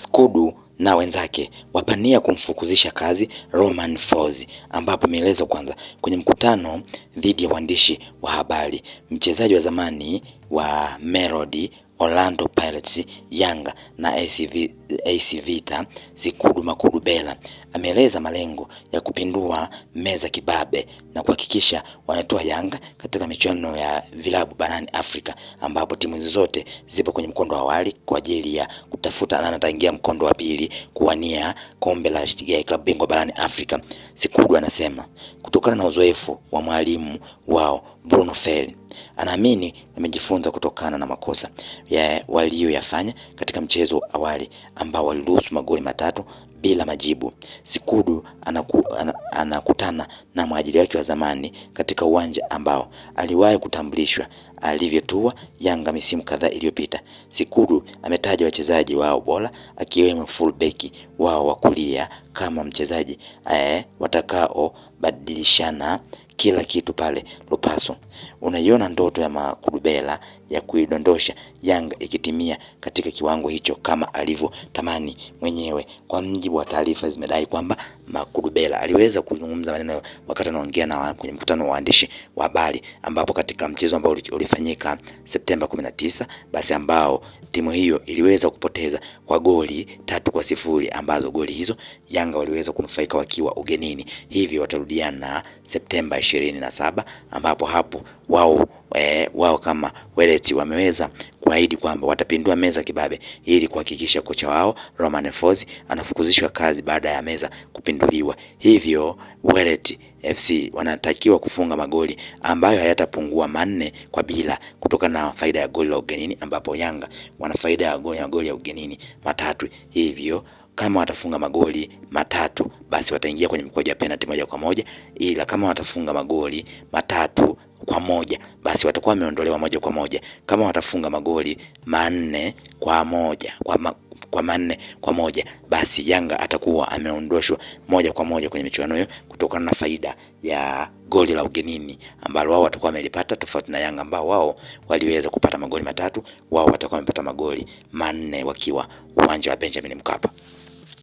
Skudu na wenzake wapania kumfukuzisha kazi Roman Folz, ambapo imeelezwa kwanza kwenye mkutano dhidi ya waandishi wa habari, mchezaji wa zamani wa Melody Orlando Pirates, Yanga na AC Vita Sikudu Makudu Bela ameeleza malengo ya kupindua meza kibabe na kuhakikisha wanatoa Yanga katika michuano ya vilabu barani Afrika ambapo timu hizo zote zipo kwenye mkondo wa awali kwa ajili ya kutafuta na ataingia mkondo wa pili kuwania kombe la klabu bingwa barani Afrika. Sikudu anasema kutokana na uzoefu wa mwalimu wao Bruno Fell, anaamini wamejifunza kutokana na makosa ya waliyoyafanya katika mchezo awali ambao waliruhusu magoli matatu bila majibu. Sikudu anaku, an, anakutana na mwajili wake wa zamani katika uwanja ambao aliwahi kutambulishwa alivyotua Yanga misimu kadhaa iliyopita. Sikudu ametaja wachezaji wao bora akiwemo fullback wao wa kulia kama mchezaji eh, watakao badilishana kila kitu pale Lupaso. Unaiona ndoto ya Makurubela ya kuidondosha Yanga ikitimia katika kiwango hicho kama alivyotamani mwenyewe. Kwa mjibu wa taarifa, zimedai kwamba Makurubela aliweza kuzungumza maneno wakati anaongea na kwenye mkutano wa waandishi wa habari, ambapo katika mchezo ambao ulifanyika Septemba 19 basi ambao timu hiyo iliweza kupoteza kwa goli tatu kwa sifuri ambazo goli hizo Yanga waliweza kunufaika wakiwa ugenini, hivyo watarudi kurudia na Septemba 27 ambapo hapo wao e, wao kama Weleti wameweza kuahidi kwamba watapindua meza kibabe ili kuhakikisha kocha wao Romain Folz anafukuzishwa kazi baada ya meza kupinduliwa. Hivyo Weleti FC wanatakiwa kufunga magoli ambayo hayatapungua manne kwa bila kutokana na faida ya goli la ugenini, ambapo Yanga wana faida ya goli ya ugenini matatu hivyo kama watafunga magoli matatu, basi wataingia kwenye mikoja ya penalti moja kwa moja, ila kama watafunga magoli matatu kwa moja, basi watakuwa wameondolewa moja kwa moja. Kama watafunga magoli manne kwa moja kwa ma kwa manne kwa moja basi Yanga atakuwa ameondoshwa moja kwa moja kwenye michuano hiyo kutokana na faida ya goli la ugenini ambalo wao watakuwa wamelipata, tofauti na Yanga ambao wao waliweza kupata magoli matatu. Wao watakuwa wamepata magoli manne wakiwa uwanja wa Benjamin Mkapa.